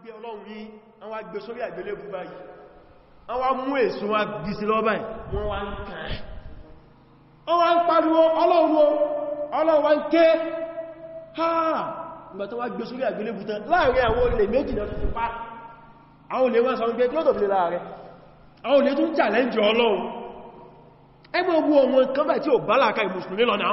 gbé ọlọ́run ní àwọn agbé sórí àgbélébù báyìí àwọn mú èso wọn gbìsí lọ́bàá wọn wá ń kàn án wọ́n ń pariwo ọlọ́run ọlọ́run wá ń ké ha ìgbà tó wá gbé sórí àgbélébù tán láàrin àwọn olè méjì náà ti pa àwọn olè wọ́n sọ pé kí ló tó fi láàrẹ àwọn olè tún challenge ọlọ́run ẹgbẹ́ ogun ọmọ kan báyìí tí ò bá láàká ìmùsùlùmí lọ náà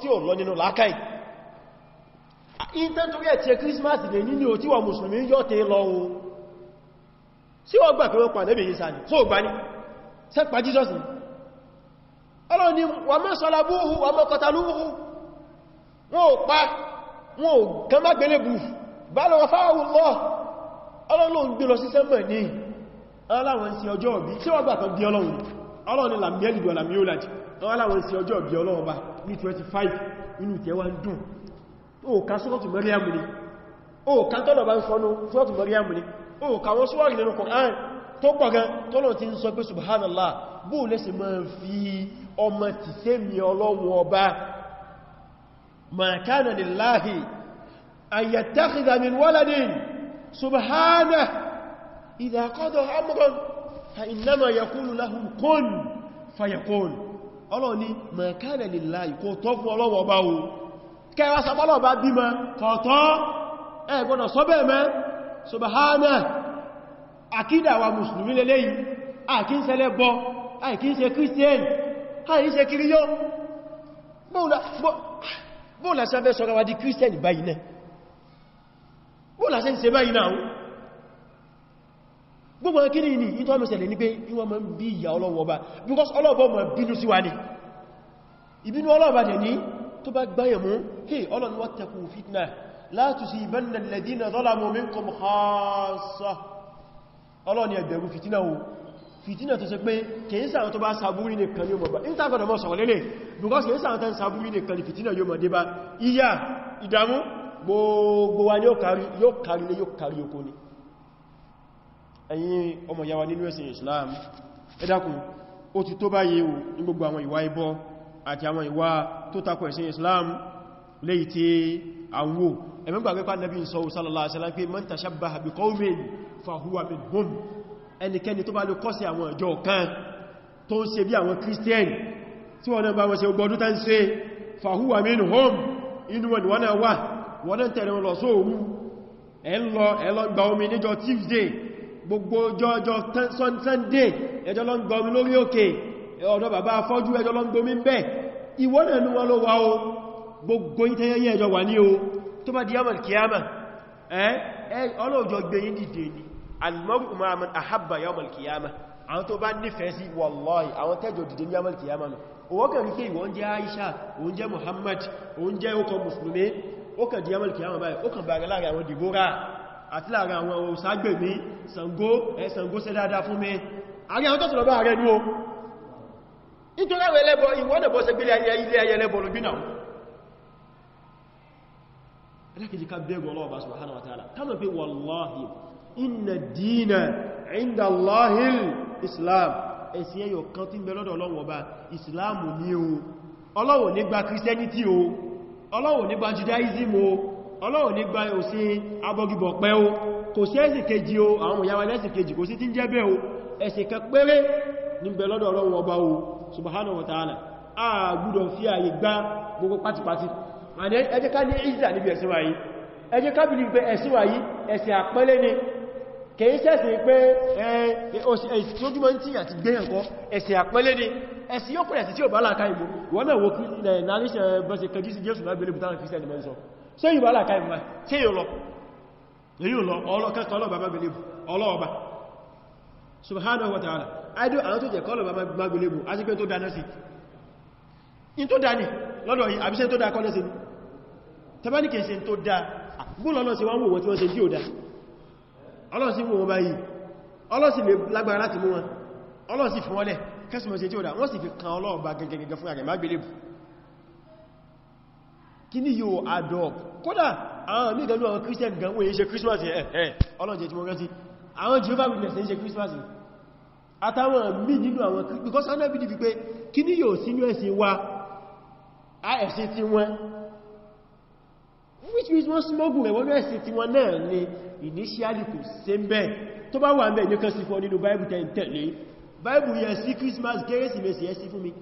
tí ò lọ nínú làákàì intantori ẹ̀tẹ́ Christmas lè nínú tí wà mùsùlùmí yọ́ tẹ lọ ohun sí wọ́n gbà pé pàdébì yìí sáàdì tó gbà ní sẹ́pà Jesus ni ọlọ́ ni wà mọ́ sọ́lábúhù wà mọ́ kọtàlúhù wọn ò pa wọn ò kán má gbélébù bá lọ fáwọn lọ ọlọ́lọ́ ń gbé lọ sí sẹ́mọ̀ ní aláwọn sí ọjọ́ ọ̀bí wọ́n gbà kan bí wọ́n láwọn sí ọjọ́ ìbí Ọlọ́run ní 25 inú ìtẹ́ wá ń dùn òòkà sọ́tù mẹ́ríàmù ni òòkà tọ́lọ̀ bá ń sọ́nú sọ́tù mẹ́ríàmù ni òòkà wọ́n súwọ́rì nínú Kùránì tó pọ̀ gan tọ́lọ̀ ti ń sọ pé subhanallah bó lẹ́sẹ̀ máa ń fi ọmọ ti sẹ́mi Ọlọ́run ọba ma kana lillahi an ọlọ́ni mẹ̀kánẹ̀ nílá ìkó tọ́ fún ọlọ́wọ́ bá o kẹwàá sàpálọ̀ bá bímọ kọ̀ọ̀tọ́ ẹ gbọ́dọ̀ sọ́bẹ̀ mẹ́ sọbàhánà àkídàwà mùsùlùmí lélẹ́yìn àkínsẹ́lẹ́ bọ́ àkínsẹ́ kírísítíẹ̀nì àkínsẹ́ kíríyọ́ bóòlà sẹ́fẹ́ sọ́ra wa di kírísítíẹ̀nì báyìí náà bóòlà sẹ́ gbogbo kíni ní ìtọ́ àmìsẹ̀lẹ̀ ní pé ìwọ́n ma ń bí ìyà ọlọ́wọ́ bá because ọlọ́wọ́ ma bínú sí wa ní ìbínú ọlọ́wọ́ dẹ̀ ní tó bá gbáyẹ̀ mú hey ọlọ́wọ́ tẹ̀kù fitna la tusibanna alladhina zalamu minkum khassa ọlọ́ni ẹgbẹ̀rú fitina o fitina ni ẹ̀yin ọmọ yawa nínú ẹ̀sìn Islam ẹ ó ti tó báyìí o ní gbogbo àwọn ìwà ibọ́ àti àwọn ìwà tó takò ẹ̀sìn Islam léyìí tí àwọn wò ẹ̀mẹ́gbà pẹ́pà sallallahu alaihi wasallam pé man tashabbaha bi qawmin fahuwa minhum ẹnikẹ́ni tó bá lè kọ́ sí àwọn ìjọ kan tó ń ṣe bí àwọn kírísítíẹ̀nì tí wọ́n náà bá wọ́n ṣe gbọdún tán ṣe fahuwa minhum inú wọn wọ́n náà wà wọ́n náà tẹ̀rẹ̀ wọn lọ sóòrú ẹ̀ omi níjọ Tuesday gbogbo ọjọ́ sunday ẹjọ́ lọ ń gbọmi lórí òkè ọ̀dọ̀ bàbá afọ́jú ẹjọ́ lọ ń gbọmi ń bẹ́ ìwọ́n náà ní wọ́n ló wá o gbogbo ìtẹ́yẹyẹ ẹjọ́ wà ní o tó bá diyama kìyàmà ọlọ́ọ̀jọ́ gbẹ̀yìn dìde ni almaru ma man ahabba yawmal kìyàmà àwọn tó bá nífẹ̀ẹ́ sí wallahi àwọn tẹ́jọ dìde ní àti láàrin àwọn òsàgbèmí Ṣàngó ẹ̀ṣàngó ṣe dáadáa fún mi àrí àwọn tọ́tùlọ bá rẹ̀ ní o nítorí àwọn ẹlẹ́bọ ìwọ́nàbọ́ ṣe gbélé ilé ayẹ ẹlẹ́bọ lójú náà ẹlẹ́kìí ká bẹ́gbọ́ Allah subhanahu wa ta'ala ká mọ̀ pé inna dina inda Allahil Islam ẹ̀sìn ẹyọ kan tí ń bẹ lọ́dọ̀ Ọlọ́run Ọba Islam ni o Ọlọ́run nígbà Christianity o Ọlọ́run nígbà Judaism o ọlọ́run ní gba òsí abọ́gibọ̀ pẹ́ o kò sí ẹ̀sìn kejì o àwọn ìyàwó ẹlẹ́sìn kejì kò sí tí ń jẹ́ bẹ́ o ẹ̀sìn kan péré ní bẹ lọ́dọ̀ o subhanahu wa a gbúdọ̀ fi àyè gba gbogbo pátípátí ẹ jẹ́ ká ní ìjà níbi ẹ̀sìn wáyé ẹ jẹ́ ká bìlì pé ẹ̀sìn wáyé ẹ̀sìn àpẹ́lẹ́ ni kèyí sẹ́sìn pé ẹ̀sìn tí ó jùmọ́ tí àti gbé ẹ̀kọ́ ẹ̀sìn àpẹ́lẹ́ ni ẹ̀sìn yóò pẹ̀lẹ̀ sí tí ò bá láàká ìmú wọ́n náà wó kí nàíṣẹ́ bọ́sẹ̀ kẹjú sí jésù lábẹ́lẹ́ bùtánà kìí sẹ́lẹ̀ mẹ́sàn ṣe yìí bá láàká ìmọ̀ ṣe yìí lọ yìí lọ ọlọ́kẹ́kọ́ ọlọ́bà bá gbélébù ọlọ́ọ̀bá subhanahu wa ta'ala aidu àwọn tó jẹ́ kọ́ ọlọ́bà bá gbélébù a ti pé tó dáná sí in tó dá ní lọ́dọ̀ yìí àbíṣẹ́ tó dá kọ́lẹ́ sí tẹbánikì ṣe tó dá gbọ́lọ́lọ́ sí wọ́n wọ́n tí wọ́n ṣe tí ó dá ọlọ́sí wọ́n bá yìí ọlọ́sí lè lágbára láti mú wọn ọlọ́sí fún wọ́lẹ̀ kẹsùmọ̀ ṣe tí ó dá wọ́n sì fi kan ọlọ́ọ̀bá gẹ́gẹ́gẹ́ fún kí ní yóò adọ́ kódà àwọn mẹ́gbẹ̀lú àwọn christian gan wọ́n yí ṣe christmas ẹ̀ ọlọ́jẹ̀ tí mo rántí àwọn jehovah witness yí ṣe christmas àtàwọn mí nínú àwọn because àwọn ẹbí wípé kí ní yóò sínú ẹ̀sìn wa ẹ̀sìn tí wọ́n which means wọ́n smogbo rẹ̀ wọ́n ẹ̀sìn tí wọ́n náà ni initially kò se ń bẹ́ tó bá wà ń bẹ́ ní kan sí fún nínú bible tẹ́ tẹ̀lé bible yẹ sí christmas kérésìmesì ẹ̀sìn fún mi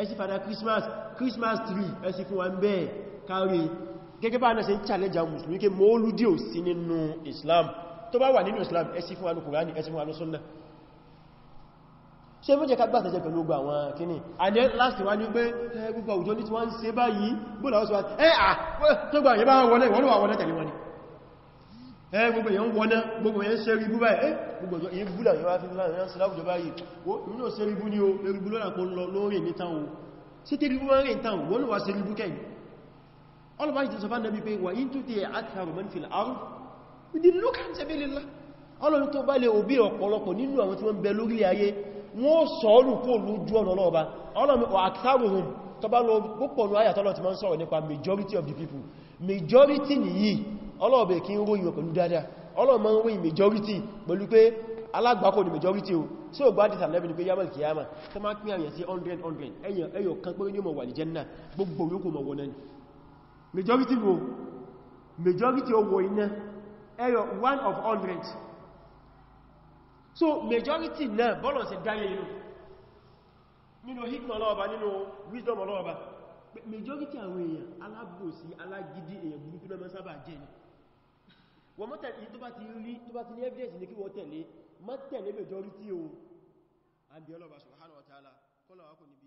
ẹ̀sìn fada christmas christmas tree ẹ̀sìn fún wa ń bẹ́ẹ̀ kárí gẹ́gẹ́ bá náà ṣe ń challenge àwọn musulmi kí mọ́lúdí ò sí nínú islam tó bá wà nínú islam ẹsí fún alùkù rání ẹsí fún alùsúnnà ṣe mú jẹ ká gbáṣẹ́ jẹ pẹ̀lú ogun àwọn kìíní and then last wá ní pé gbogbo òjò ní tí wọ́n ń ṣe báyìí bóòlà sí tí ribú wọ́n rìn tán wọ́n wá ṣe ribú kẹ́yìn ọlọ́bá ìtìsọ bá nẹ́bí pé wà ní tí àtàrù mọ́ fìlà àrùn ìdí lókà ń tẹ́bí lílá ọlọ́run tó bá lè òbí ọ̀pọ̀lọpọ̀ nínú àwọn tí wọ́n bẹ lórí ayé wọ́n sọ̀ọ́rù kó lójú ọ̀nà ọlọ́ọ̀bá ọlọ́run àtàrùhùn tó bá lọ púpọ̀ ní ayà tọ́lọ̀ ti máa ń sọ̀rọ̀ majority of the people majority nìyí ọlọ́ọ̀bẹ̀ kí ń ròyìn pẹ̀lú dáadáa ọlọ́run máa ń ròyìn majority pẹ̀lú pé alágbàkọ̀ ni majority o sí ò gbádìí sàlẹ́bì ní pé yàmà kìyàmà tó máa pín àyẹ̀ sí 100 100 ẹyọ̀ kan pé ní mọ̀ wà ní jẹ́nnà gbogbo yóò kò mọ̀ wọ́n náà majority wo majority owó iná ẹyọ one of hundred so majority náà bọ́lọ̀ sí dáyé inú nínú hikma ọlọ́ọ̀bá nínú wisdom ọlọ́ọ̀bá majority àwọn èèyàn alábòsí alágídí èèyàn burúkú náà sábà jẹ́ ni wọ́n mọ́tẹ̀lẹ̀ tó bá ti rí tó bá ti ní evidence ní kí wọ́n tẹ̀lé mọ́tẹ̀lẹ̀ majority ohun àbí ọlọ́ọ̀bá subhanahu wa ta'ala kọ́lọ̀wà kò